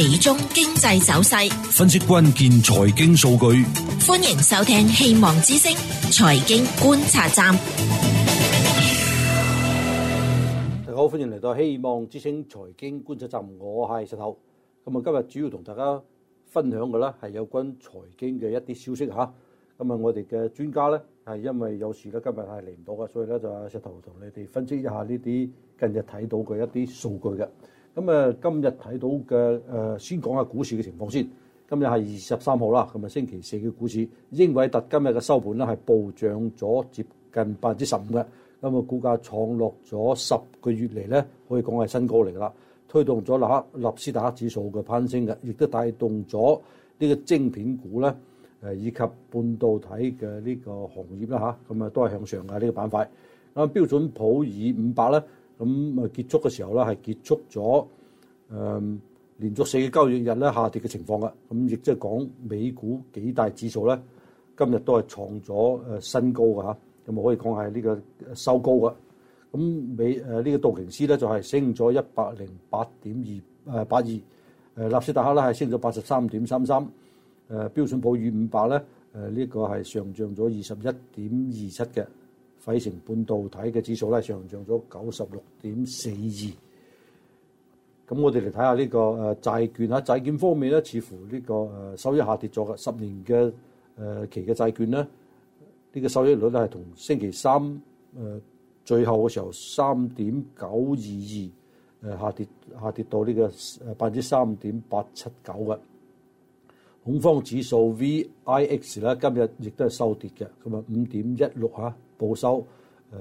美中經濟走勢，分析關鍵財經數據。歡迎收聽《希望之聲》財經觀察站。大家好，歡迎嚟到《希望之聲》財經觀察站。我係石頭。咁啊，今日主要同大家分享嘅咧係有關財經嘅一啲消息吓。咁啊，我哋嘅專家咧係因為有事咧，今日係嚟唔到嘅，所以咧就阿石頭同你哋分析一下呢啲近日睇到嘅一啲數據嘅。咁誒，今日睇到嘅誒，先講下股市嘅情況先。今日係二十三號啦，咁啊星期四嘅股市，英偉達今日嘅收盤咧係暴漲咗接近百分之十五嘅，咁啊股價創落咗十個月嚟咧，可以講係新高嚟㗎啦，推動咗納納斯達克指數嘅攀升嘅，亦都帶動咗呢個晶片股咧，誒以及半導體嘅呢個行業啦嚇，咁啊都係向上嘅呢個板塊。咁啊標準普爾五百咧。咁啊結束嘅時候咧，係結束咗誒、嗯、連續四個交易日咧下跌嘅情況噶。咁亦即係講美股幾大指數咧，今日都係創咗誒新高嘅嚇。咁我可以講係呢個收高嘅。咁美誒呢、呃這個道瓊斯咧就係、是、升咗一百零八點二誒八二。誒納、呃、斯達克咧係升咗八十三點三三。誒標準普爾五百咧誒呢、呃這個係上漲咗二十一點二七嘅。費城半導體嘅指數咧，上漲咗九十六點四二。咁我哋嚟睇下呢個誒債券啊，債券方面咧，似乎呢個誒收益下跌咗嘅十年嘅誒期嘅債券咧，呢個收益率咧係同星期三誒最後嘅時候三點九二二誒，下跌下跌到呢個百分之三點八七九嘅。恐慌指數 VIX 咧今日亦都係收跌嘅，咁啊五點一六嚇。報收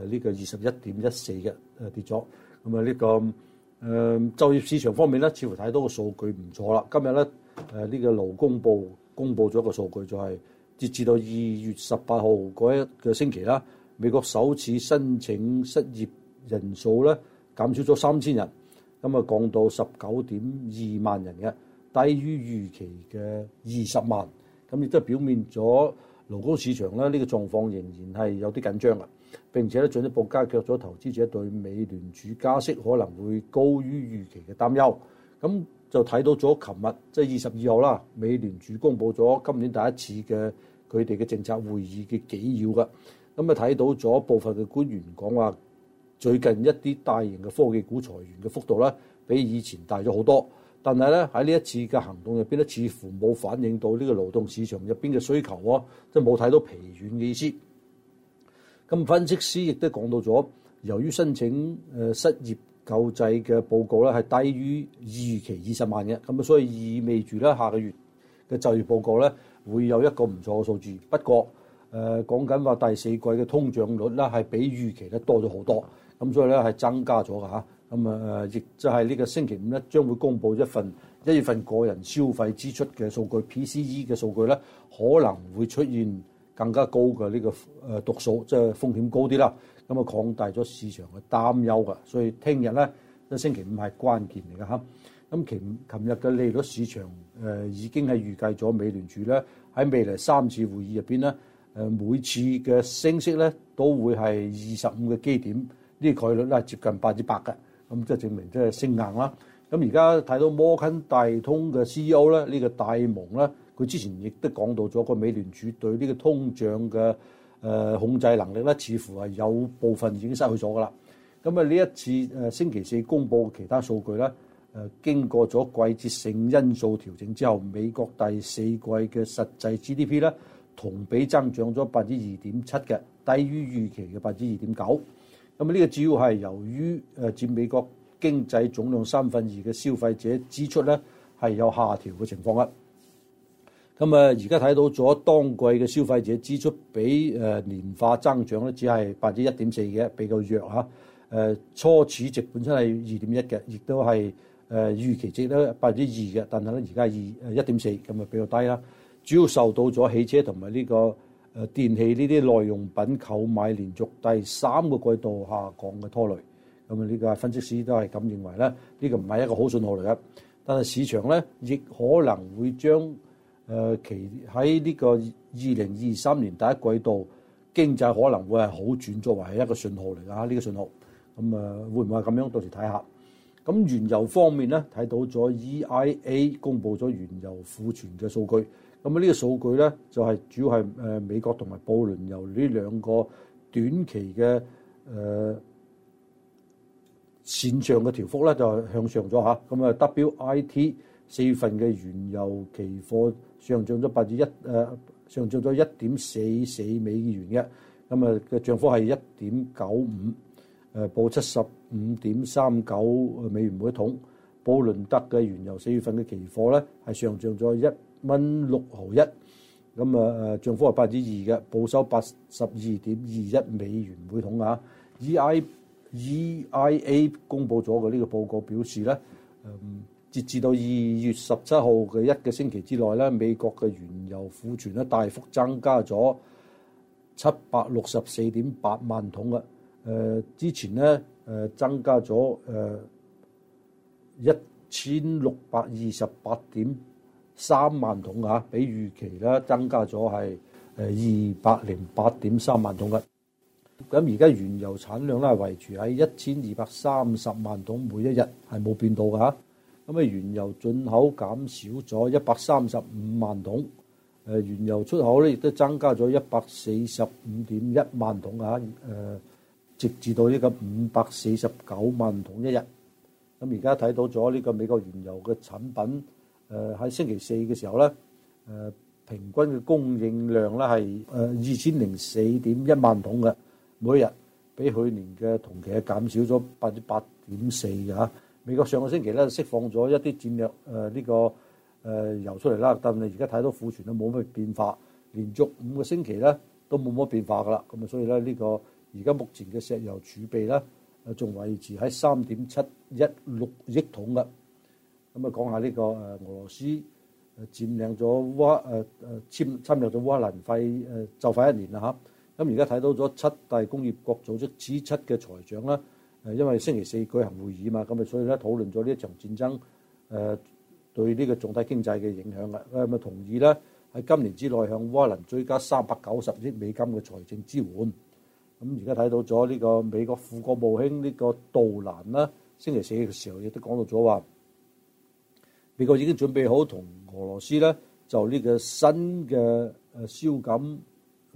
誒呢、這個二十一點一四嘅誒跌咗，咁啊呢個誒、呃、就業市場方面咧，似乎太多個數據唔錯啦。今日咧誒呢個勞工部公布咗一個數據，就係、是、截至到二月十八號嗰一個星期啦，美國首次申請失業人數咧減少咗三千人，咁啊降到十九點二萬人嘅，低於預期嘅二十萬，咁亦都係表面咗。勞工市場咧呢個狀況仍然係有啲緊張啊，並且咧進一步加劇咗投資者對美聯儲加息可能會高於預期嘅擔憂。咁就睇到咗琴日即係二十二號啦，美聯儲公布咗今年第一次嘅佢哋嘅政策會議嘅紀要㗎。咁啊睇到咗部分嘅官員講話，最近一啲大型嘅科技股裁員嘅幅度咧，比以前大咗好多。但係咧喺呢一次嘅行動入邊咧，似乎冇反映到呢個勞動市場入邊嘅需求喎，即係冇睇到疲軟嘅意思。咁分析師亦都講到咗，由於申請誒失業救濟嘅報告咧係低於預期二十萬嘅，咁啊所以意味住咧下個月嘅就業報告咧會有一個唔錯嘅數字。不過誒講緊話第四季嘅通脹率咧係比預期咧多咗好多，咁所以咧係增加咗㗎吓。咁啊，亦就係呢個星期五咧，將會公布一份一月份個人消費支出嘅數據 （PCE） 嘅數據咧，可能會出現更加高嘅呢個誒讀數，即係風險高啲啦。咁啊，擴大咗市場嘅擔憂噶。所以聽日咧，即星期五係關鍵嚟嘅嚇。咁其琴日嘅利率市場誒已經係預計咗，美聯儲咧喺未來三次會議入邊咧誒，每次嘅升息咧都會係二十五個基點，呢個概率咧接近八至八嘅。咁即係證明即係升硬啦。咁而家睇到摩根大通嘅 CEO 咧，呢個戴蒙咧，佢之前亦都講到咗個美聯儲對呢個通脹嘅誒控制能力咧，似乎係有部分已經失去咗噶啦。咁啊，呢一次誒星期四公佈嘅其他數據咧，誒經過咗季節性因素調整之後，美國第四季嘅實際 GDP 咧同比增長咗百分之二點七嘅，低於預期嘅百分之二點九。咁呢個主要係由於誒佔美國經濟總量三分二嘅消費者支出咧，係有下調嘅情況啦。咁啊，而家睇到咗當季嘅消費者支出比誒年化增長咧，只係百分之一點四嘅，比較弱嚇。誒初始值本身係二點一嘅，亦都係誒預期值咧百分之二嘅，但係咧而家係二誒一點四咁啊比較低啦。主要受到咗汽車同埋呢個，誒電器呢啲耐用品購買連續第三個季度下降嘅拖累，咁啊呢個分析師都係咁認為咧，呢、呢個唔係一個好信號嚟嘅。但係市場咧亦可能會將誒其喺呢個二零二三年第一季度經濟可能會係好轉作為一個信號嚟㗎，呢、呢個信號咁啊會唔會係咁樣到時睇下？咁原油方面咧，睇到咗 EIA 公布咗原油庫存嘅數據。咁呢個數據咧，就係主要係誒美國同埋布倫油呢兩個短期嘅誒、呃、線上嘅調幅咧，就向上咗吓。咁啊，WIT 四月份嘅原油期貨上漲咗百分之一誒，上漲咗一點四四美元嘅。咁啊、呃，嘅漲幅係一點九五誒，報七十五點三九美元每桶。布倫德嘅原油四月份嘅期貨咧，係上漲咗一蚊六毫一，咁啊，漲幅係百分之二嘅，報收八十二點二一美元每桶啊。E I E I A 公布咗嘅呢個報告表示咧、嗯，截至到二月十七號嘅一個星期之內咧，美國嘅原油庫存咧大幅增加咗七百六十四點八萬桶啊。誒、呃、之前咧誒、呃、增加咗誒一千六百二十八點。呃 1, 三萬桶啊，比預期啦增加咗係誒二百零八點三萬桶嘅。咁而家原油產量咧維持喺一千二百三十萬桶每一日係冇變到㗎。咁啊，原油進口減少咗一百三十五萬桶，誒原油出口咧亦都增加咗一百四十五點一萬桶啊誒，直至到呢個五百四十九萬桶一日。咁而家睇到咗呢個美國原油嘅產品。誒喺星期四嘅時候咧，誒平均嘅供應量咧係誒二千零四點一萬桶嘅，每日比去年嘅同期係減少咗百分之八點四噶吓。美國上個星期咧釋放咗一啲戰略誒呢個誒油出嚟啦，但係而家睇到庫存都冇乜變化，連續五個星期咧都冇乜變化噶啦。咁啊，所以咧呢個而家目前嘅石油儲備咧，誒仲維持喺三點七一六億桶嘅。咁啊，講下呢個誒俄羅斯誒佔領咗烏誒誒侵侵略咗烏克蘭，費、呃、誒就快一年啦嚇。咁而家睇到咗七大工業國組織 G7 嘅財長啦，誒因為星期四舉行會議嘛，咁啊所以咧討論咗呢一場戰爭誒對呢個總體經濟嘅影響啦。咁啊同意咧喺今年之內向烏克蘭追加三百九十億美金嘅財政支援。咁而家睇到咗呢個美國副國務卿呢個杜蘭啦，星期四嘅時候亦都講到咗話。美國已經準備好同俄羅斯咧，就呢個新嘅誒削減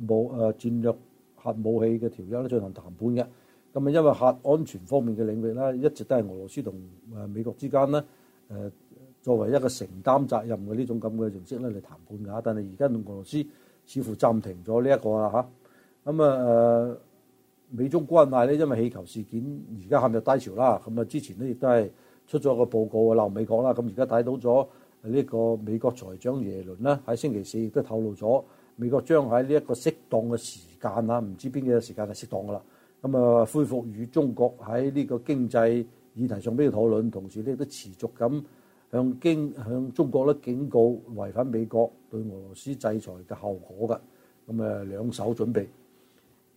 誒戰略核武器嘅條約咧進行談判嘅。咁啊，因為核安全方面嘅領域咧，一直都係俄羅斯同誒美國之間咧誒作為一個承擔責任嘅呢種咁嘅形式咧嚟談判㗎。但係而家同俄羅斯似乎暫停咗呢一個啦嚇。咁啊誒美中關係咧，因為氣球事件而家陷入低潮啦。咁啊，之前咧亦都係。出咗個報告啊，嗱，美國啦，咁而家睇到咗呢個美國財長耶倫啦，喺星期四亦都透露咗美國將喺呢一個適當嘅時間啦，唔知邊幾個時間係適當噶啦，咁啊恢復與中國喺呢個經濟議題上邊嘅討論，同時呢亦都持續咁向經向中國咧警告違反美國對俄羅斯制裁嘅後果嘅，咁誒兩手準備。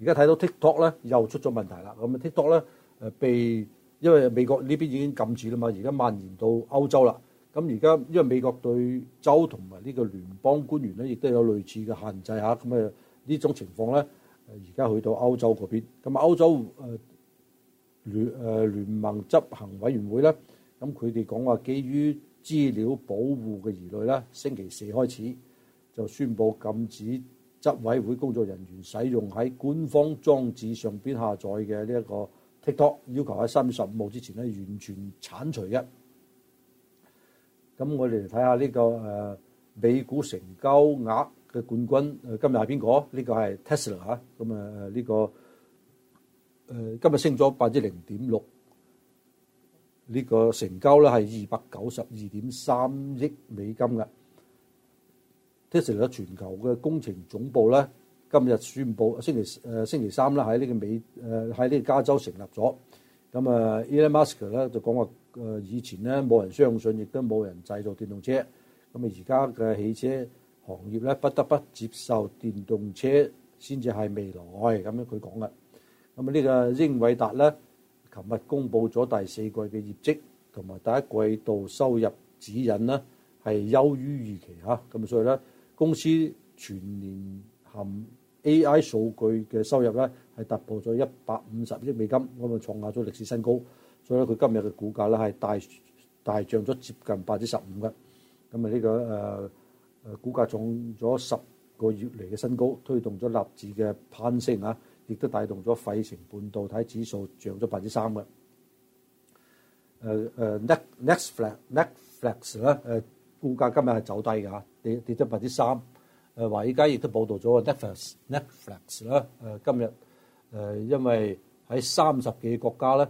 而家睇到 TikTok 咧又出咗問題啦，咁 TikTok 咧誒被。因為美國呢邊已經禁止啦嘛，而家蔓延到歐洲啦。咁而家因為美國對州同埋呢個聯邦官員咧，亦都有類似嘅限制嚇。咁誒呢種情況咧，而家去到歐洲嗰邊，咁啊歐洲誒聯誒聯盟執行委員會咧，咁佢哋講話基於資料保護嘅疑慮咧，星期四開始就宣布禁止執委會工作人員使用喺官方裝置上邊下載嘅呢一個。TikTok 要求喺三月十五號之前咧完全剷除一。咁我哋嚟睇下呢個誒美股成交額嘅冠軍，今日係邊個？呢個係 Tesla 嚇，咁啊呢個誒今日升咗百分之零點六，呢個成交咧係二百九十二點三億美金嘅 Tesla 全球嘅工程總部咧。今日宣布星期誒、呃、星期三啦，喺呢個美誒喺呢個加州成立咗。咁啊，Elon Musk 咧就講話誒以前咧冇人相信，亦都冇人製造電動車。咁啊，而家嘅汽車行業咧不得不接受電動車先至係未來。咁樣佢講嘅。咁啊，呢個英偉達咧，琴日公布咗第四季嘅業績同埋第一季度收入指引啦，係優於預期嚇、啊。咁所以咧，公司全年含 AI 數據嘅收入咧係突破咗一百五十億美金，咁啊創下咗歷史新高。所以咧，佢今日嘅股價咧係大大漲咗接近百分之十五嘅。咁、這、啊、個，呢個誒誒股價創咗十個月嚟嘅新高，推動咗納指嘅攀升啊，亦都帶動咗費城半導體指數漲咗百分之三嘅。誒、呃、誒，Next Next Flex 咧誒股價今日係走低嘅嚇，跌跌咗百分之三。誒華爾街亦都報導咗個 Netflix，Netflix 啦誒今日誒因為喺三十幾個國家咧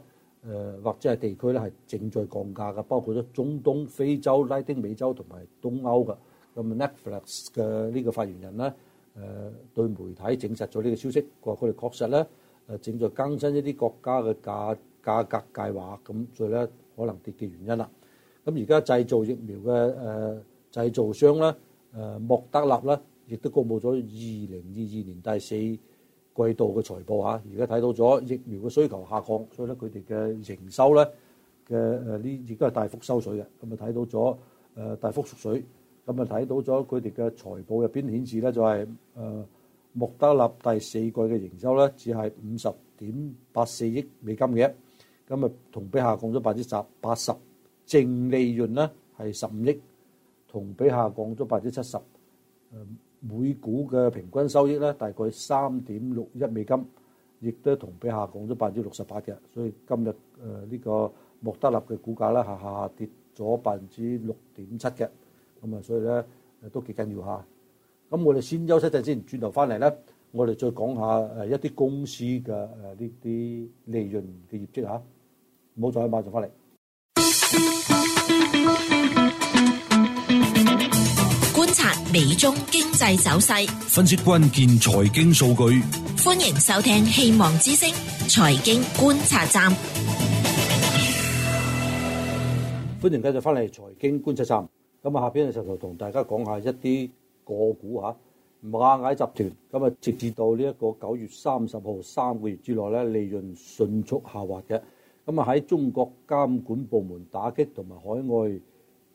誒或者係地區咧係正在降價嘅，包括咗中東、非洲、拉丁美洲同埋東歐嘅，咁 Netflix 嘅呢個發言人咧誒對媒體證實咗呢個消息，話佢哋確實咧誒正在更新一啲國家嘅價價格計劃，咁所以咧可能跌嘅原因啦。咁而家製造疫苗嘅誒製造商咧誒莫德納咧。亦都公佈咗二零二二年第四季度嘅財報嚇，而家睇到咗疫苗嘅需求下降，所以咧佢哋嘅營收咧嘅誒呢亦都係大幅收水嘅，咁啊睇到咗誒大幅縮水，咁啊睇到咗佢哋嘅財報入邊顯示咧就係誒，莫德納第四季嘅營收咧只係五十點八四億美金嘅，咁啊同比下降咗百分之八十，八十淨利潤咧係十五億，同比下降咗百分之七十誒。每股嘅平均收益咧，大概三點六一美金，亦都同比下降咗百分之六十八嘅。所以今日誒呢個莫德納嘅股價咧，下下跌咗百分之六點七嘅。咁啊，所以咧都幾緊要吓。咁我哋先休息陣先，轉頭翻嚟咧，我哋再講下誒一啲公司嘅誒呢啲利潤嘅業績吓，唔好再買，馬上翻嚟。察美中經濟走勢，分析關鍵財經數據。歡迎收聽《希望之聲》財經觀察站。歡迎繼續翻嚟財經觀察站。咁啊，下邊咧就同大家講下一啲個股吓，螞蟻集團咁啊，直至到呢一個九月三十號三個月之內咧，利潤迅速下滑嘅。咁啊，喺中國監管部門打擊同埋海外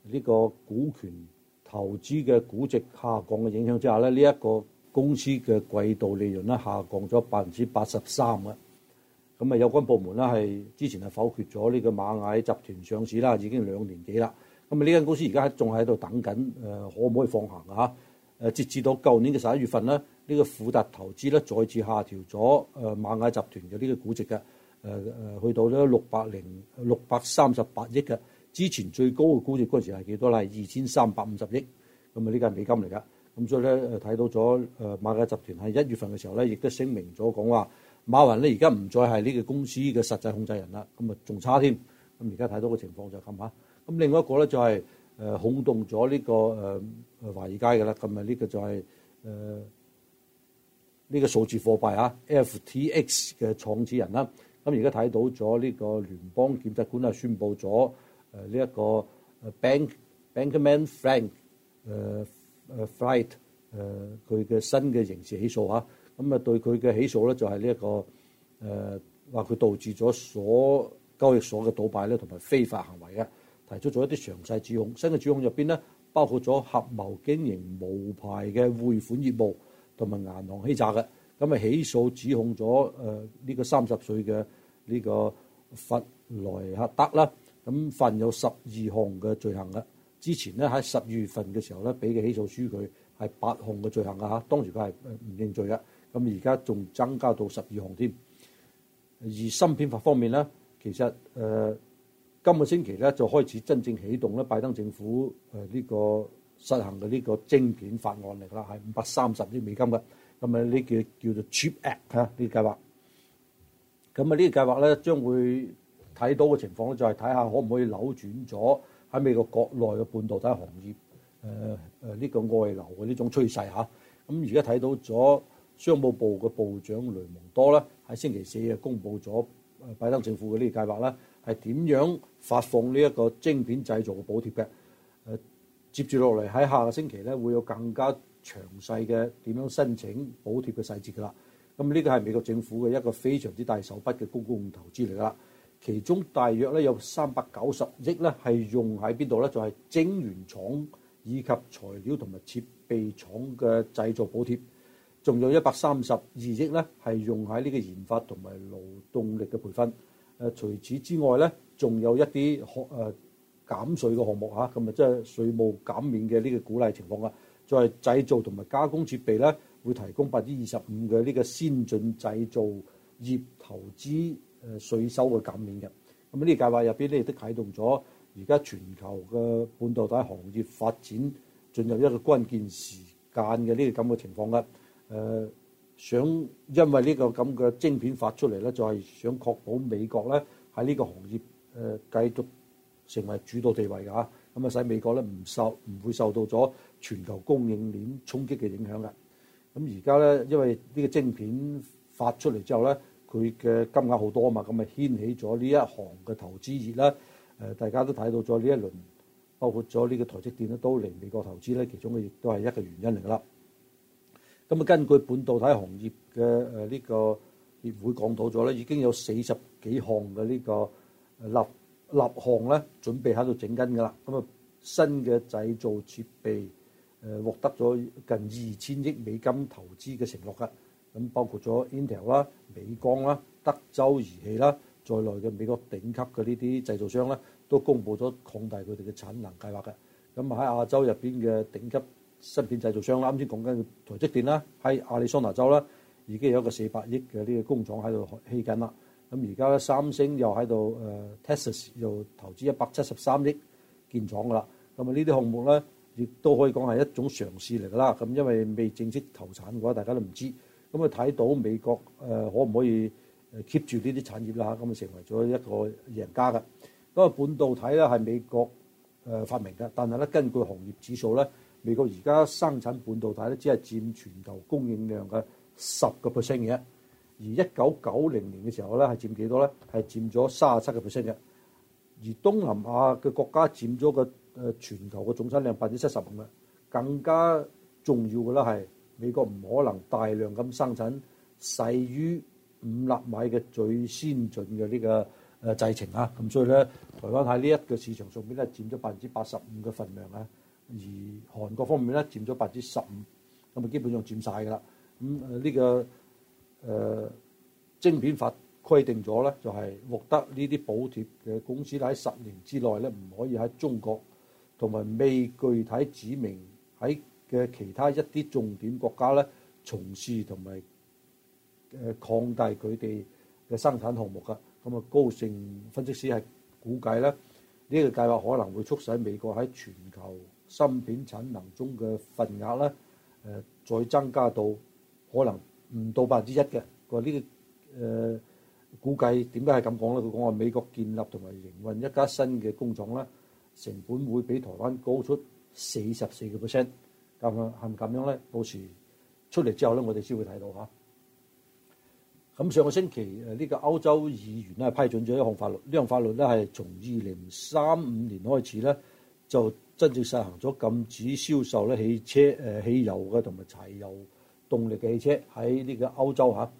呢個股權。投資嘅估值下降嘅影響之下咧，呢、這、一個公司嘅季度利潤咧下降咗百分之八十三嘅。咁啊，有關部門咧係之前係否決咗呢個螞蟻集團上市啦，已經兩年幾啦。咁啊，呢間公司而家仲喺度等緊，誒可唔可以放行嚇？誒，截至到舊年嘅十一月份咧，呢、這個富達投資咧再次下調咗誒螞蟻集團嘅呢個估值嘅，誒誒去到咗六百零六百三十八億嘅。之前最高嘅估值嗰陣時係幾多啦？係二千三百五十億咁啊！呢個係美金嚟噶咁，所以咧睇到咗誒、呃、馬家集團喺一月份嘅時候咧，亦都聲明咗講話馬雲咧而家唔再係呢個公司嘅實際控制人啦。咁啊仲差添咁而家睇到個情況就係咁啊。咁、嗯、另外一個咧就係誒轟動咗呢、這個誒華爾街嘅啦。咁啊呢個就係誒呢個數字貨幣啊 FTX 嘅創始人啦。咁而家睇到咗呢個聯邦檢察官啊，宣布咗。誒呢一個誒 Bank Bankman Frank 誒、uh，誒 Flight 誒佢嘅新嘅刑事起訴啊，咁、嗯、啊對佢嘅起訴咧就係呢一個誒話佢導致咗所交易所嘅倒閉咧同埋非法行為嘅，提出咗一啲詳細指控。新嘅指控入邊咧包括咗合謀經營無牌嘅匯款業務同埋銀行欺詐嘅。咁、嗯、啊，起訴指控咗誒呢個三十歲嘅呢個弗萊克德啦。咁份有十二項嘅罪行嘅。之前咧喺十二月份嘅時候咧，俾嘅起訴書佢係八項嘅罪行嘅嚇，當住當時佢係唔認罪嘅，咁而家仲增加到十二項添。而芯片法方面咧，其實誒、呃、今個星期咧就開始真正啟動咧，拜登政府誒呢個實行嘅呢個晶片法案嚟啦，係五百三十億美金嘅，咁啊呢叫叫做 CHIPS Act 嚇呢計劃，咁啊呢個計劃咧將會。睇到嘅情況咧，就係睇下可唔可以扭轉咗喺美國國內嘅半導體行業誒誒呢個外流嘅呢種趨勢嚇。咁而家睇到咗商務部嘅部長雷蒙多咧喺星期四啊，公布咗拜登政府嘅呢個計劃啦，係點樣發放呢一個晶片製造嘅補貼嘅？誒、呃、接住落嚟喺下個星期咧，會有更加詳細嘅點樣申請補貼嘅細節㗎喇。咁、嗯、呢、呢個係美國政府嘅一個非常之大手筆嘅公共投資嚟㗎喇。其中大約咧有三百九十億咧係用喺邊度咧？就係、是、晶圓廠以及材料同埋設備廠嘅製造補貼，仲有一百三十二億咧係用喺呢個研發同埋勞動力嘅培訓。誒除此之外咧，仲有一啲學誒減稅嘅項目嚇，咁啊即係稅務減免嘅呢個鼓勵情況啊。再係製造同埋加工設備咧，會提供百分之二十五嘅呢個先進製造業投資。誒稅收嘅減免嘅，咁呢個計劃入邊咧亦都啟動咗而家全球嘅半導體行業發展進入一個關鍵時間嘅呢個咁嘅情況嘅，誒、呃、想因為呢個咁嘅晶片發出嚟咧，就係、是、想確保美國咧喺呢個行業誒繼、呃、續成為主導地位嘅嚇，咁啊使美國咧唔受唔會受到咗全球供應鏈衝擊嘅影響嘅，咁而家咧因為呢個晶片發出嚟之後咧。佢嘅金額好多嘛，咁咪掀起咗呢一行嘅投資業啦。誒，大家都睇到咗呢一輪，包括咗呢個台積電咧都嚟美國投資咧，其中嘅亦都係一個原因嚟噶啦。咁啊，根據半導體行業嘅誒呢個協會講到咗咧，已經有四十幾項嘅呢個立立項咧，準備喺度整緊噶啦。咁啊，新嘅製造設備誒獲得咗近二千億美金投資嘅承諾噶。咁包括咗 Intel 啦、美光啦、德州儀器啦，在內嘅美國頂級嘅呢啲製造商咧，都公布咗擴大佢哋嘅產能計劃嘅。咁喺亞洲入邊嘅頂級芯片製造商啦，啱先講緊台積電啦，喺亞利桑那州啦，已經有一個四百億嘅呢個工廠喺度起緊啦。咁而家三星又喺度誒 Texas 又投資一百七十三億建廠㗎啦。咁啊呢啲項目咧，亦都可以講係一種嘗試嚟㗎啦。咁因為未正式投產嘅話，大家都唔知。咁啊睇到美國誒可唔可以誒 keep 住呢啲產業啦？咁啊成為咗一個贏家嘅。咁啊半導體咧係美國誒發明嘅，但係咧根據行業指數咧，美國而家生產半導體咧只係佔全球供應量嘅十個 percent 嘅，而一九九零年嘅時候咧係佔幾多咧？係佔咗三十七個 percent 嘅，而東南亞嘅國家佔咗個誒全球嘅總產量百分之七十五嘅，更加重要嘅咧係。美國唔可能大量咁生產細於五納米嘅最先進嘅呢個誒製程啊，咁所以咧，台灣喺呢一個市場上面咧佔咗百分之八十五嘅份量啊，而韓國方面咧佔咗百分之十五，咁啊基本上佔晒㗎啦。咁、這、呢個誒、呃、晶片法規定咗咧，就係獲得呢啲補貼嘅公司喺十年之內咧唔可以喺中國同埋未具體指明喺嘅其他一啲重點國家咧，從事同埋誒擴大佢哋嘅生產項目嘅。咁啊，高盛分析師係估計咧，呢個計劃可能會促使美國喺全球芯片產能中嘅份額咧誒再增加到可能唔到百分之一嘅。佢話呢個誒估計點解係咁講咧？佢講話美國建立同埋營運一家新嘅工廠咧，成本會比台灣高出四十四個 percent。咁係咪咁樣咧？到時出嚟之後咧，我哋先會睇到嚇。咁上個星期誒呢個歐洲議員咧批准咗一項法律，呢項法律咧係從二零三五年開始咧就真正實行咗禁止銷售咧汽車誒汽油嘅同埋柴油動力嘅汽車喺呢個歐洲嚇，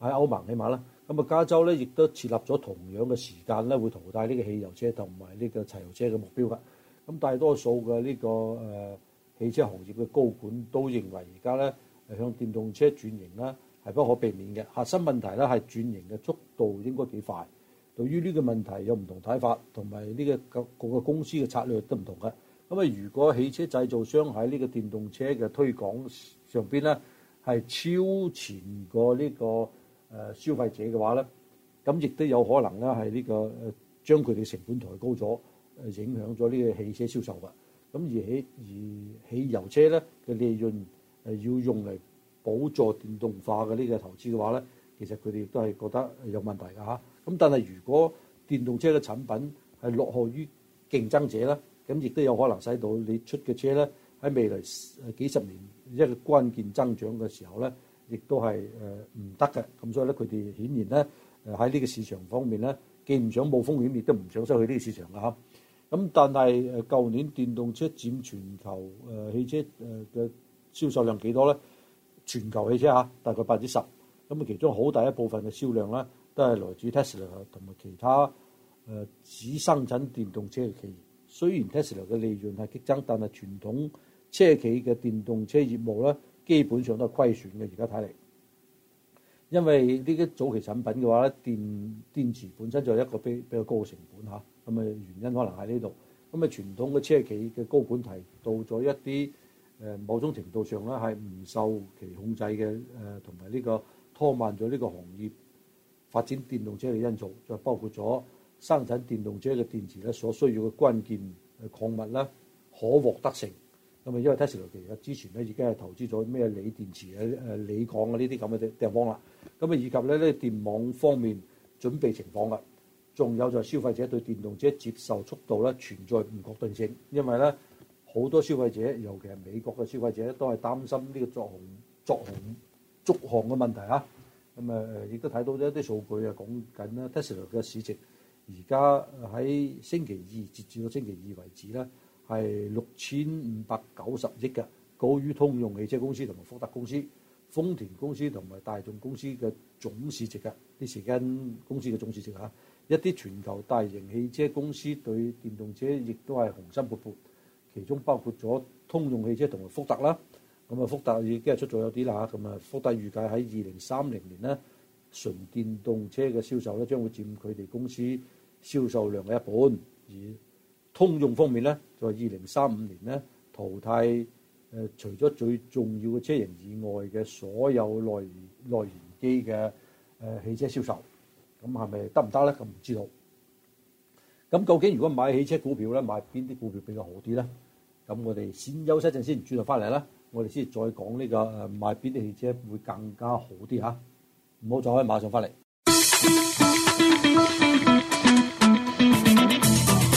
喺歐盟起碼啦。咁啊加州咧亦都設立咗同樣嘅時間咧會淘汰呢個汽油車同埋呢個柴油車嘅目標㗎。咁大多數嘅呢個誒汽車行業嘅高管都認為，而家咧係向電動車轉型啦，係不可避免嘅。核心問題咧係轉型嘅速度應該幾快。對於呢個問題有唔同睇法，同埋呢個各個公司嘅策略都唔同嘅。咁啊，如果汽車製造商喺呢個電動車嘅推廣上邊咧係超前過呢個誒消費者嘅話咧，咁亦都有可能咧係呢個將佢哋成本抬高咗，誒影響咗呢個汽車銷售㗎。咁而汽而汽油車咧嘅利潤誒要用嚟補助電動化嘅呢個投資嘅話咧，其實佢哋亦都係覺得有問題㗎吓。咁但係如果電動車嘅產品係落後於競爭者咧，咁亦都有可能使到你出嘅車咧喺未來幾十年一個關鍵增長嘅時候咧，亦都係誒唔得嘅。咁所以咧，佢哋顯然咧喺呢個市場方面咧，既唔想冇風險，亦都唔想失去呢個市場㗎吓。咁但係誒舊年電動車佔全球誒汽車誒嘅銷售量幾多咧？全球汽車嚇大概百分之十。咁啊其中好大一部分嘅銷量咧，都係來自 Tesla 同埋其他誒只生產電動車嘅企業。雖然 Tesla 嘅利潤係激增，但係傳統車企嘅電動車業務咧，基本上都係虧損嘅。而家睇嚟，因為呢啲早期產品嘅話咧，電電池本身就係一個比比較高嘅成本嚇。咁啊原因可能喺呢度，咁啊傳統嘅車企嘅高管提到咗一啲誒某種程度上咧係唔受其控制嘅，誒同埋呢個拖慢咗呢個行業發展電動車嘅因素，就包括咗生產電動車嘅電池咧所需要嘅關鍵礦物啦，可獲得性。咁啊因為 Tesla 其實之前咧已經係投資咗咩鋰電池啊誒鋰礦啊呢啲咁嘅地方啦，咁啊以及咧咧電網方面準備情況啦。仲有就消費者對電動車接受速度咧存在唔確定性，因為咧好多消費者，尤其係美國嘅消費者，都係擔心呢個作紅作紅作紅嘅問題啊。咁、嗯、啊，亦都睇到一啲數據啊，講緊 Tesla 嘅市值而家喺星期二截至到星期二為止咧係六千五百九十億嘅，高於通用汽車公司同埋福特公司、豐田公司同埋大眾公司嘅總市值嘅呢幾間公司嘅總市值啊。一啲全球大型汽車公司對電動車亦都係雄心勃勃，其中包括咗通用汽車同埋福特啦。咁啊，福特已經係出咗有啲啦。咁啊，福特預計喺二零三零年咧，純電動車嘅銷售咧將會佔佢哋公司銷售量嘅一半。而通用方面咧，就係二零三五年咧淘汰誒，除咗最重要嘅車型以外嘅所有內內燃機嘅誒汽車銷售。咁係咪得唔得咧？咁唔知道。咁究竟如果買汽車股票咧，買邊啲股票比較好啲咧？咁我哋先休息陣先，轉頭翻嚟啦。我哋先再講呢個買邊啲汽車會更加好啲吓。唔好再開，馬上翻嚟。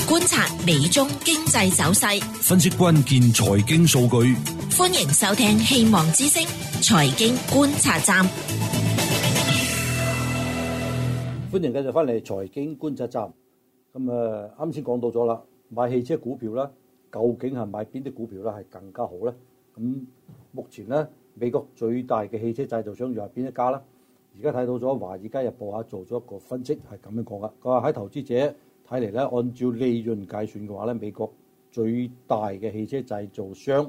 觀察美中經濟走勢，分析關鍵財經數據。歡迎收聽《希望之聲》財經觀察站。歡迎繼續翻嚟財經觀察站。咁啊，啱先講到咗啦，買汽車股票啦，究竟係買邊啲股票咧係更加好咧？咁目前咧，美國最大嘅汽車製造商又係邊一家啦？而家睇到咗《華爾街日報》呀做咗一個分析，係咁樣講噶。佢話喺投資者睇嚟咧，按照利潤計算嘅話咧，美國最大嘅汽車製造商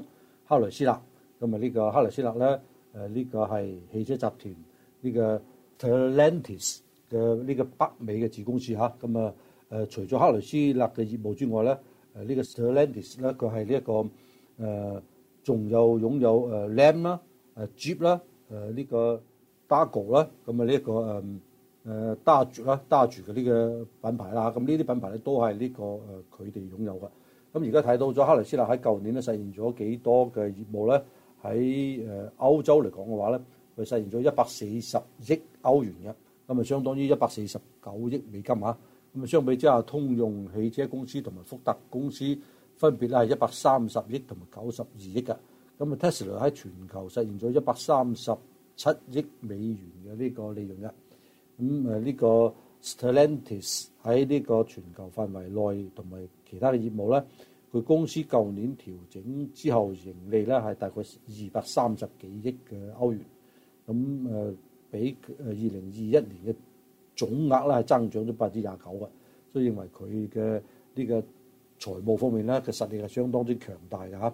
克萊斯勒。咁啊，呢個克萊斯勒咧，誒、這、呢個係汽車集團呢、這個 Talantis。嘅呢個北美嘅子公司吓，咁啊！誒、啊，除咗克萊斯勒嘅業務之外咧，誒、啊、呢、這個 Stellantis 咧、這個，佢係呢一個誒，仲有擁有誒 Lamb 啦、啊、誒 Jeep 啦、啊、誒、這、呢個 Dodge 啦、啊，咁、這個、啊呢一個誒誒 Dodge 啦、Dodge 嘅呢個品牌啦，咁呢啲品牌咧都係呢、這個誒佢哋擁有嘅。咁而家睇到咗克萊斯勒喺舊年咧實現咗幾多嘅業務咧？喺誒、啊、歐洲嚟講嘅話咧，佢實現咗一百四十億歐元嘅。咁咪相當於一百四十九億美金嚇，咁啊，相比之下，通用汽車公司同埋福特公司分別咧係一百三十億同埋九十二億嘅，咁啊，Tesla 喺全球實現咗一百三十七億美元嘅呢個利潤嘅，咁誒，呢個 Stellantis 喺呢個全球範圍內同埋其他嘅業務咧，佢公司舊年調整之後盈利咧係大概二百三十幾億嘅歐元，咁誒。比誒二零二一年嘅總額啦，增長咗百分之廿九嘅，所以認為佢嘅呢個財務方面咧，嘅實力係相當之強大嘅嚇。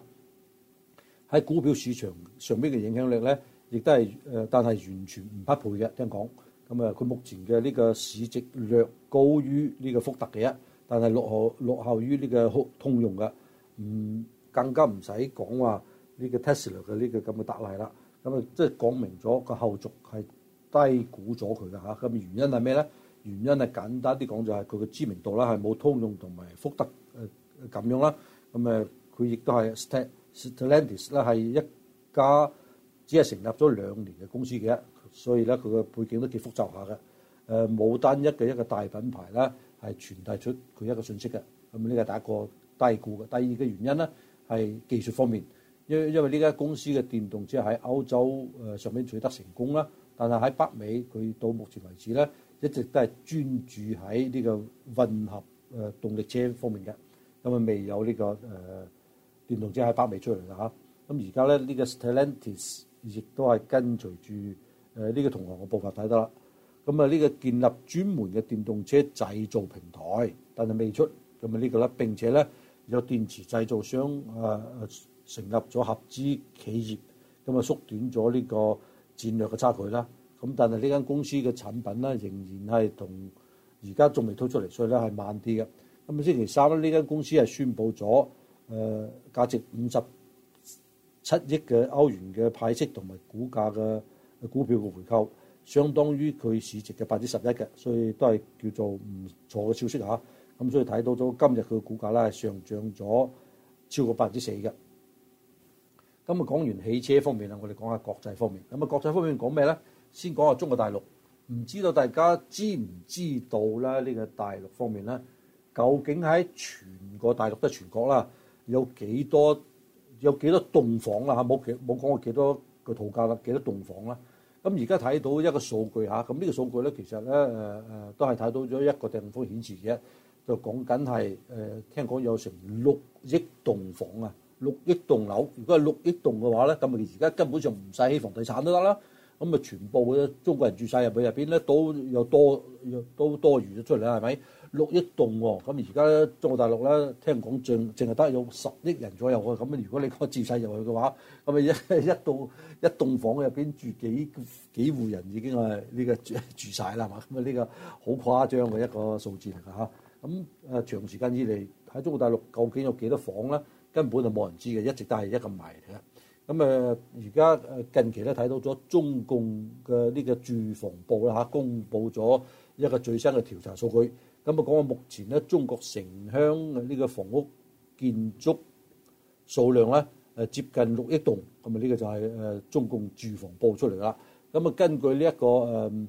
喺股票市場上邊嘅影響力咧，亦都係誒，但係完全唔匹配嘅。聽講咁誒，佢目前嘅呢個市值略高於呢個福特嘅，一，但係落後落後於呢個通用嘅。唔、嗯、更加唔使講話呢個 Tesla 嘅呢個咁嘅特例啦。咁啊，即係講明咗個後續係，低估咗佢㗎。咁原因係咩咧？原因係簡單啲講就係佢嘅知名度啦，係冇通用同埋福特咁樣啦。咁佢亦都係 Stellantis 啦，係一家只係成立咗兩年嘅公司嘅，所以咧佢嘅背景都幾複雜下嘅。冇單一嘅一個大品牌啦，係傳遞出佢一個信息嘅。咁呢個第一個低估嘅。第二個原因咧係技術方面，因因為呢間公司嘅電動車喺歐洲上面取得成功啦。但係喺北美，佢到目前為止咧，一直都係專注喺呢個混合誒動力車方面嘅，咁啊未有呢、這個誒、呃、電動車喺北美出嚟啦嚇。咁而家咧呢、這個 Stellantis 亦都係跟隨住誒呢個同行嘅步伐，睇得啦。咁啊呢、這個建立專門嘅電動車製造平台，但係未出咁啊呢個啦。並且咧有電池製造商誒、啊、成立咗合資企業，咁、嗯、啊縮短咗呢、這個。戰略嘅差距啦，咁但係呢間公司嘅產品咧仍然係同而家仲未推出嚟，所以咧係慢啲嘅。咁星期三咧，呢間公司係宣布咗誒價值五十七億嘅歐元嘅派息同埋股價嘅股票嘅回購，相當於佢市值嘅百分之十一嘅，所以都係叫做唔錯嘅消息嚇。咁所以睇到咗今日佢嘅股價咧係上漲咗超過百分之四嘅。的咁啊，講完汽車方面啦，我哋講下國際方面。咁啊，國際方面講咩咧？先講下中國大陸，唔知道大家知唔知道呢個大陸方面咧，究竟喺全個大陸即全國啦，有幾多有幾多棟房啦？冇冇講過幾多個套價啦，幾多棟房啦？咁而家睇到一個數據下，咁、這、呢個數據咧，其實咧都係睇到咗一個地方顯示嘅，就講緊係誒，聽講有成六億棟房啊！六億棟樓，如果係六億棟嘅話咧，咁啊而家根本上唔使起房地產都得啦。咁啊，全部嘅中國人住晒入去入邊咧，都又多又都多餘咗出嚟啦，係咪？六億棟喎，咁而家中國大陸咧，聽講淨淨係得有十億人左右喎。咁如果你講住晒入去嘅話，咁啊一一棟一棟房入邊住幾幾戶人已經係呢、呢個住晒曬啦，嘛？咁啊呢個好誇張嘅一個數字嚟㗎嚇。咁啊長時間以嚟喺中國大陸究竟有幾多房咧？根本就冇人知嘅，一直都係一個謎嘅。咁誒，而家誒近期咧睇到咗中共嘅呢個住房部啦嚇，公布咗一個最新嘅調查數據。咁啊講話目前咧中國城鄉呢個房屋建築數量咧誒接近六億棟，咁啊呢個就係誒中共住房部出嚟啦。咁啊根據呢一個誒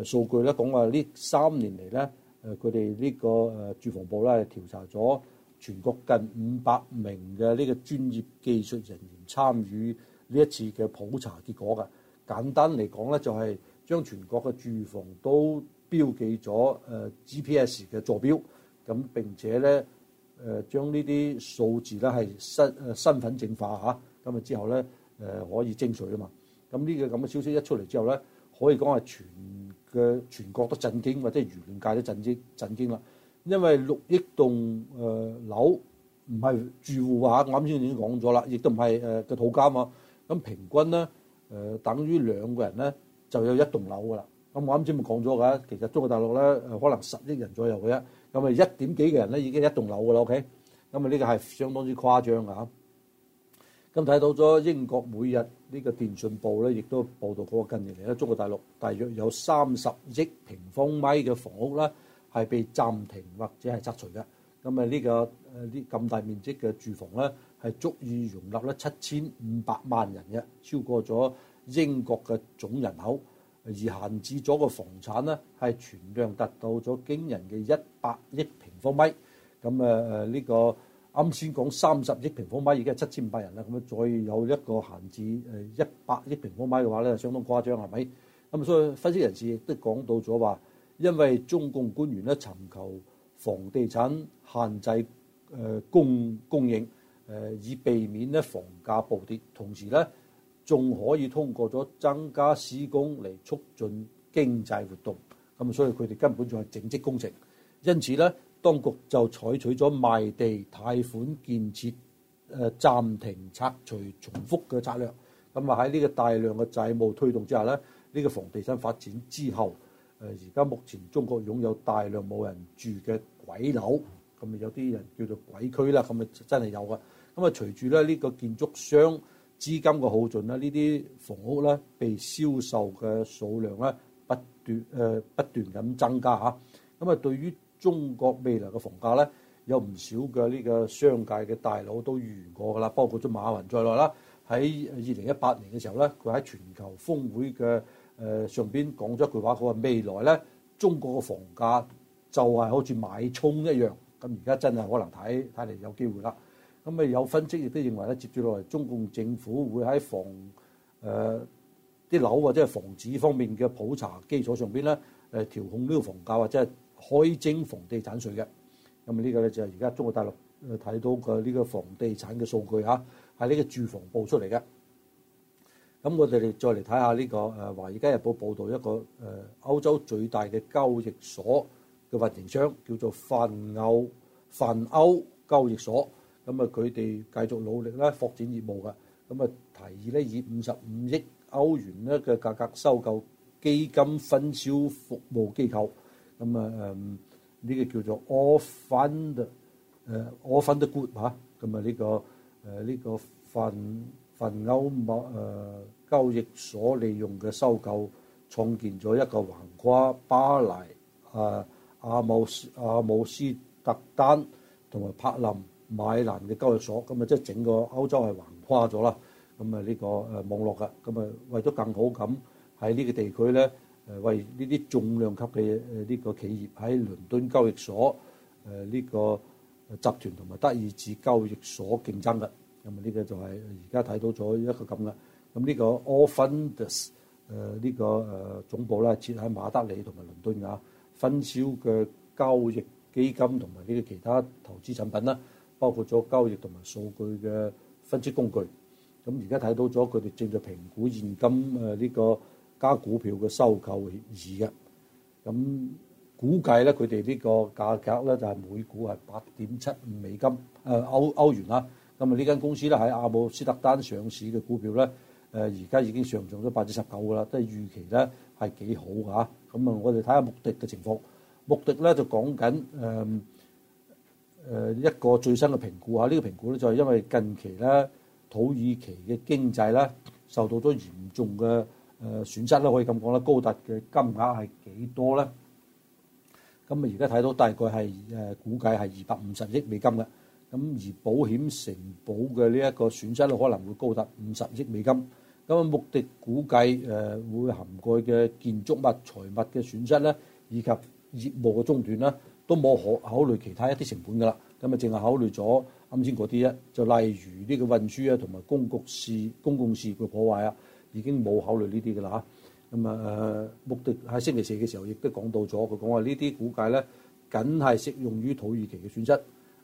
誒數據咧，講話呢三年嚟咧誒佢哋呢個誒住房部咧調查咗。全國近五百名嘅呢個專業技術人員參與呢一次嘅普查結果嘅，簡單嚟講咧，就係將全國嘅住房都標記咗誒 GPS 嘅座標，咁並且咧誒將呢啲數字咧係身誒身份證化嚇，咁啊之後咧誒可以徵稅啊嘛，咁呢個咁嘅消息一出嚟之後咧，可以講係全嘅全國都震驚，或者輿論界都震驚震驚啦。因為六億棟誒樓唔係住戶嚇，我啱先已經講咗啦，亦都唔係誒個土家嘛。咁平均咧誒、呃，等於兩個人咧就有一棟樓噶啦。咁我啱先咪講咗㗎，其實中國大陸咧可能十億人左右嘅，啫。咁咪一點幾嘅人咧已經一棟樓噶啦。O K，咁咪呢個係相當之誇張㗎嚇。咁睇到咗英國每日呢個電訊報咧，亦都報導過近年嚟咧，中國大陸大約有三十億平方米嘅房屋啦。係被暫停或者係拆除嘅。咁啊，呢個啲咁大面積嘅住房咧，係足以容納咧七千五百萬人嘅，超過咗英國嘅總人口。而限制咗個房產咧，係存量達到咗驚人嘅一百億平方米。咁啊，呢個啱先講三十億平方米已經係七千五百人啦。咁啊，再有一個限制誒一百億平方米嘅話咧，相當誇張係咪？咁所以分析人士亦都講到咗話。因為中共官員咧尋求房地產限制誒供供應，誒以避免咧房價暴跌，同時咧仲可以通過咗增加施工嚟促進經濟活動。咁所以佢哋根本仲係整績工程。因此咧，當局就採取咗賣地貸款建設誒暫停拆除重複嘅策略。咁啊喺呢個大量嘅債務推動之下咧，呢、呢個房地產發展之後。誒而家目前中國擁有大量冇人住嘅鬼樓，咁咪有啲人叫做鬼區啦，咁咪真係有㗎。咁啊，隨住咧呢個建築商資金嘅耗盡咧，呢啲房屋咧被銷售嘅數量咧不斷誒不斷咁增加吓。咁啊，對於中國未來嘅房價咧，有唔少嘅呢個商界嘅大佬都預過㗎啦，包括咗馬雲在內啦。喺二零一八年嘅時候咧，佢喺全球峰會嘅。誒、呃、上邊講咗一句話，佢話未來咧中國嘅房價就係好似買蔥一樣，咁而家真係可能睇睇嚟有機會啦。咁啊有分析亦都認為咧，接住落嚟中共政府會喺房誒啲樓或者係房子方面嘅普查基礎上邊咧誒調控呢個房價或者係開徵房地產稅嘅。咁啊呢個咧就係而家中國大陸睇到嘅呢個房地產嘅數據吓，係呢個住房部出嚟嘅。咁我哋嚟再嚟睇下呢個誒《華爾街日報》報道一個誒歐洲最大嘅交易所嘅運營商叫做泛歐泛歐交易所，咁啊佢哋繼續努力咧擴展業務嘅，咁啊提議咧以五十五億歐元嘅價格收購基金分銷服務機構，咁啊誒呢個叫做 Allfunds 誒、呃、Allfunds Good 嚇、啊，咁啊呢個誒呢、呃呢個泛。份歐物誒、呃、交易所利用嘅收購，創建咗一個橫跨巴黎、誒、呃、阿姆斯、阿姆斯特丹同埋柏林、米蘭嘅交易所，咁啊即係整個歐洲係橫跨咗啦。咁啊呢個誒、呃、網絡嘅，咁啊為咗更好咁喺呢個地區咧，誒、呃、為呢啲重量級嘅呢個企業喺倫敦交易所誒呢、呃呢個集團同埋德意志交易所競爭啦。咁啊！呢個就係而家睇到咗一個咁嘅咁呢個 Allfunds 呢、呃這個誒、呃、總部啦，設喺馬德里同埋倫敦啊。分銷嘅交易基金同埋呢啲其他投資產品啦，包括咗交易同埋數據嘅分析工具。咁而家睇到咗佢哋正在評估現金誒呢個加股票嘅收購協議嘅咁估計咧，佢哋呢個價格咧就係、是、每股係八點七五美金誒歐歐元啦、啊。咁啊，呢間公司咧喺阿姆斯特丹上市嘅股票咧，誒而家已經上漲咗百分之十九噶啦，即係預期咧係幾好㗎。咁啊，我哋睇下穆迪嘅情況。穆迪咧就講緊誒誒一個最新嘅評估嚇，呢個評估咧就係因為近期咧土耳其嘅經濟咧受到咗嚴重嘅誒損失，可以咁講啦。高達嘅金額係幾多咧？咁啊，而家睇到大概係誒估計係二百五十億美金嘅。咁而保險承保嘅呢一個損失咧，可能會高達五十億美金。咁啊，穆迪估計誒會涵蓋嘅建築物財物嘅損失咧，以及業務嘅中斷啦，都冇可考慮其他一啲成本噶啦。咁啊，淨係考慮咗啱先嗰啲啊，就例如呢個運輸啊，同埋公局事公共事嘅破壞啊，已經冇考慮呢啲噶啦嚇。咁啊，穆迪喺星期四嘅時候亦都講到咗，佢講話呢啲估計咧，僅係適用於土耳其嘅損失。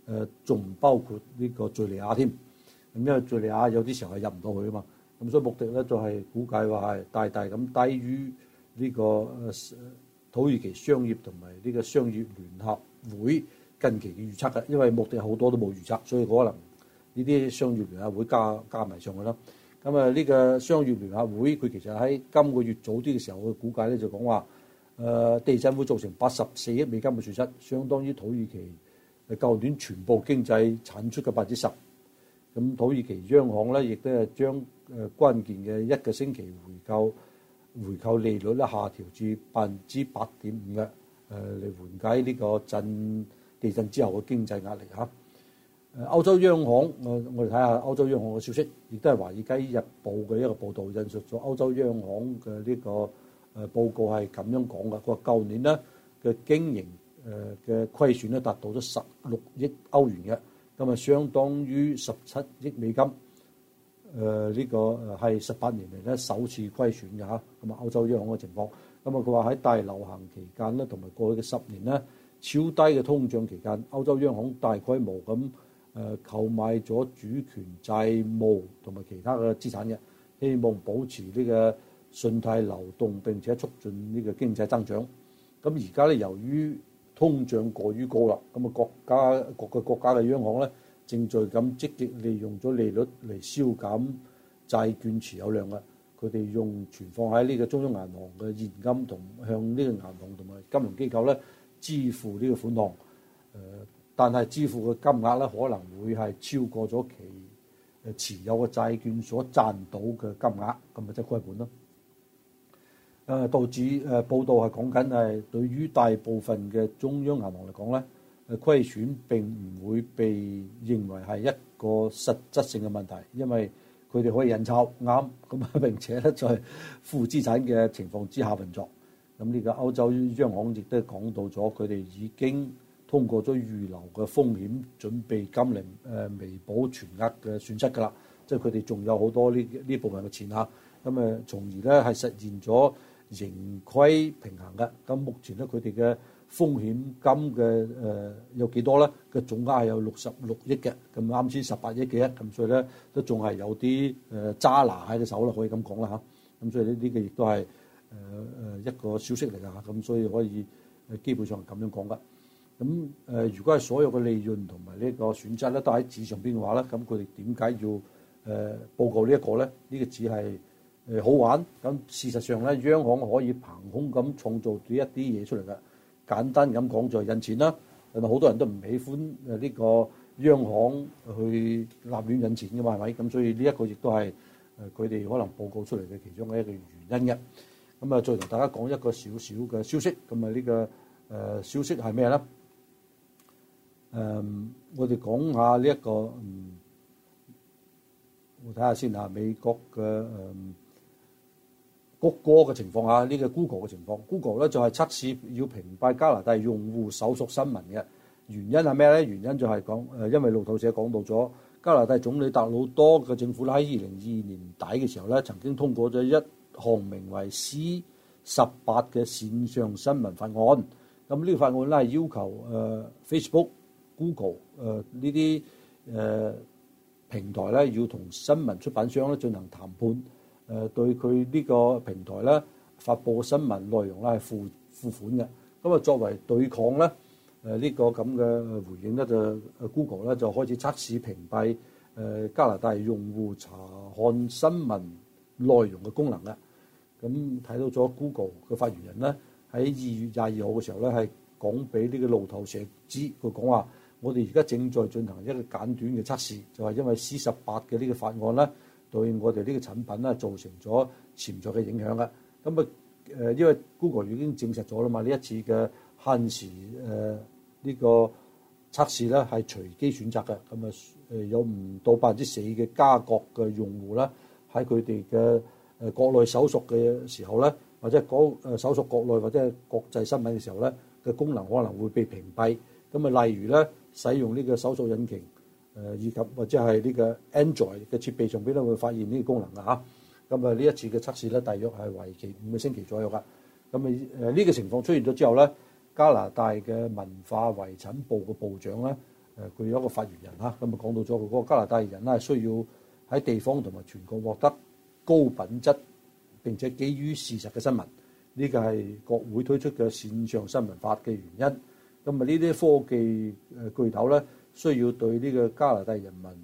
誒仲唔包括呢個敍利亞添？咁因為敍利亞有啲時候係入唔到去啊嘛，咁所以目的咧就係估計話係大大咁低於呢個土耳其商業同埋呢個商業聯合會近期嘅預測嘅，因為目的好多都冇預測，所以可能呢啲商業聯合會加加埋上去啦。咁啊，呢個商業聯合會佢其實喺今個月早啲嘅時候，佢估計咧就講話誒地震會造成八十四億美金嘅損失，相當於土耳其，係舊年全部經濟產出嘅百分之十，咁土耳其央行咧亦都係將誒關鍵嘅一個星期回購回購利率咧下調至百分之八點五嘅，誒嚟緩解呢個震地震之後嘅經濟壓力嚇。誒歐洲央行，我我哋睇下歐洲央行嘅消息，亦都係《華爾街日報》嘅一個報導引述咗歐洲央行嘅呢個誒報告係咁樣講嘅，佢話舊年呢，嘅經營。誒嘅虧損咧達到咗十六億歐元嘅，咁啊相當於十七億美金，誒、誒、呢個係十八年嚟咧首次虧損嘅嚇，咁啊歐洲央行嘅情況，咁啊佢話喺大流行期間咧，同埋過去嘅十年咧超低嘅通脹期間，歐洲央行大規模咁誒購買咗主權債務同埋其他嘅資產嘅，希望保持呢個信貸流動並且促進呢個經濟增長。咁而家咧由於通脹過於高啦，咁啊國家各個國家嘅央行咧，正在咁積極利用咗利率嚟消減債券持有量啊！佢哋用存放喺呢個中央銀行嘅現金，同向呢個銀行同埋金融機構咧支付呢個款項。誒，但係支付嘅金額咧，可能會係超過咗其誒持有嘅債券所賺到嘅金額，咁咪即係虧本咯。誒導致誒報道係講緊誒，對於大部分嘅中央銀行嚟講咧，誒虧損並唔會被認為係一個實質性嘅問題，因為佢哋可以印鈔，啱咁啊，並且咧在負資產嘅情況之下運作。咁呢個歐洲央行亦都講到咗，佢哋已經通過咗預留嘅風險準備金嚟誒、呃、彌補存額嘅損失㗎啦，即係佢哋仲有好多呢呢部分嘅錢啊，咁誒，從而咧係實現咗，盈虧平衡嘅，咁目前咧佢哋嘅風險金嘅誒、呃、有幾多咧？嘅總額係有六十六億嘅，咁啱先十八億幾一，咁所以咧都仲係有啲誒揸拿喺隻手啦，可以咁講啦嚇。咁所以呢啲嘅亦都係誒誒一個消息嚟㗎，咁所以可以誒基本上係咁樣講㗎。咁誒、呃、如果係所有嘅利潤同埋呢個損失咧都喺紙上邊嘅話咧，咁佢哋點解要誒、呃、報告這呢一個咧？呢、這個只係？誒好玩咁，事實上咧，央行可以憑空咁創造呢一啲嘢出嚟噶。簡單咁講就係印錢啦，係咪好多人都唔喜歡呢個央行去立亂印錢噶嘛？係咪咁？所以呢一個亦都係佢哋可能報告出嚟嘅其中一個原因嘅。咁啊，再同大家講一個少少嘅消息。咁啊，呢個消息係咩咧？誒，我哋講下呢、這、一個，我睇下先嚇，美國嘅谷歌嘅情況下，呢、這個 Google 嘅情況，Google 咧就係測試要屏蔽加拿大用戶搜索新聞嘅原因係咩咧？原因就係講誒，因為路透社講到咗，加拿大總理特魯多嘅政府喺二零二二年底嘅時候咧，曾經通過咗一項名為 C 十八嘅線上新聞法案。咁呢個法案咧係要求誒、呃、Facebook Google,、呃、Google 誒呢啲誒平台咧要同新聞出版商咧進行談判。誒、呃、對佢呢個平台咧，發布新聞內容咧係付付款嘅。咁啊，作為對抗咧，誒、呃、呢、這個咁嘅回應咧，就 Google 咧就開始測試屏蔽誒加拿大用戶查看新聞內容嘅功能嘅。咁、嗯、睇到咗 Google 嘅發言人咧，喺二月廿二號嘅時候咧，係講俾呢個路透社知，佢講話我哋而家正在進行一個簡短嘅測試，就係、是、因為 C 十八嘅呢個法案咧。對我哋呢個產品啦，造成咗潛在嘅影響啦。咁啊，誒因為 Google 已經證實咗啦嘛，呢一次嘅限時誒呢個測試咧，係隨機選擇嘅。咁啊誒有唔到百分之四嘅加國嘅用戶啦，喺佢哋嘅誒國內搜索嘅時候咧，或者講搜索國內或者國際新聞嘅時候咧，嘅功能可能會被屏蔽。咁啊，例如咧，使用呢個搜索引擎。誒以及或者係呢個 Android 嘅設備上邊咧，會發現呢個功能嘅嚇。咁啊，呢一次嘅測試咧，大約係為期五個星期左右嘅。咁啊誒呢、呃這個情況出現咗之後咧，加拿大嘅文化遺產部嘅部長咧，誒佢有一個發言人嚇，咁啊、嗯、講到咗佢嗰個加拿大人咧，係需要喺地方同埋全國獲得高品質並且基於事實嘅新聞。呢個係國會推出嘅線上新聞法嘅原因。咁啊呢啲科技誒巨頭咧。需要對呢個加拿大人民誒呢、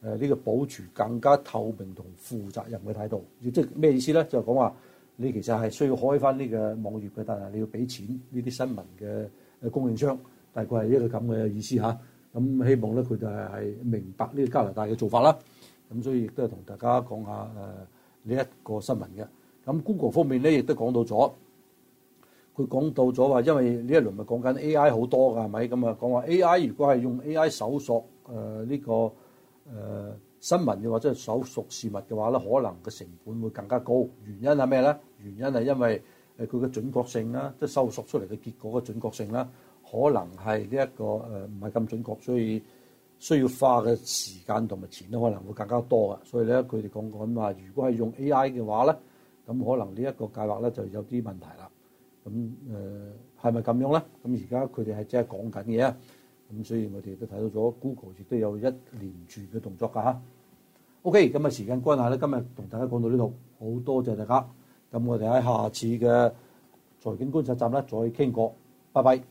呃這個保持更加透明同負責任嘅態度，亦即係咩意思咧？就講、是、話你其實係需要開翻呢個網頁嘅，但係你要俾錢呢啲新聞嘅供應商，大概係一個咁嘅意思嚇。咁、啊嗯、希望咧佢就係明白呢個加拿大嘅做法啦。咁、嗯、所以亦都係同大家講下誒呢一個新聞嘅。咁、嗯、Google 方面咧亦都講到咗。佢講到咗話，因為呢一輪咪講緊 A.I. 好多㗎，係咪咁啊？講話 A.I. 如果係用 A.I. 搜索誒呢、呃這個誒、呃、新聞嘅話，即係搜索事物嘅話咧，可能個成本會更加高。原因係咩咧？原因係因為誒佢嘅準確性啦，嗯、即係搜索出嚟嘅結果嘅準確性啦，可能係呢一個誒唔係咁準確，所以需要花嘅時間同埋錢都可能會更加多嘅。所以咧，佢哋講講話，如果係用 A.I. 嘅話咧，咁可能呢一個計劃咧就有啲問題啦。咁誒係咪咁樣咧？咁而家佢哋係即係講緊嘢，咁所以我哋都睇到咗 Google 亦都有一連串嘅動作㗎嚇。OK，咁啊時間關係咧，今日同大家講到呢度，好多謝大家。咁我哋喺下次嘅財經觀察站咧再傾過，拜拜。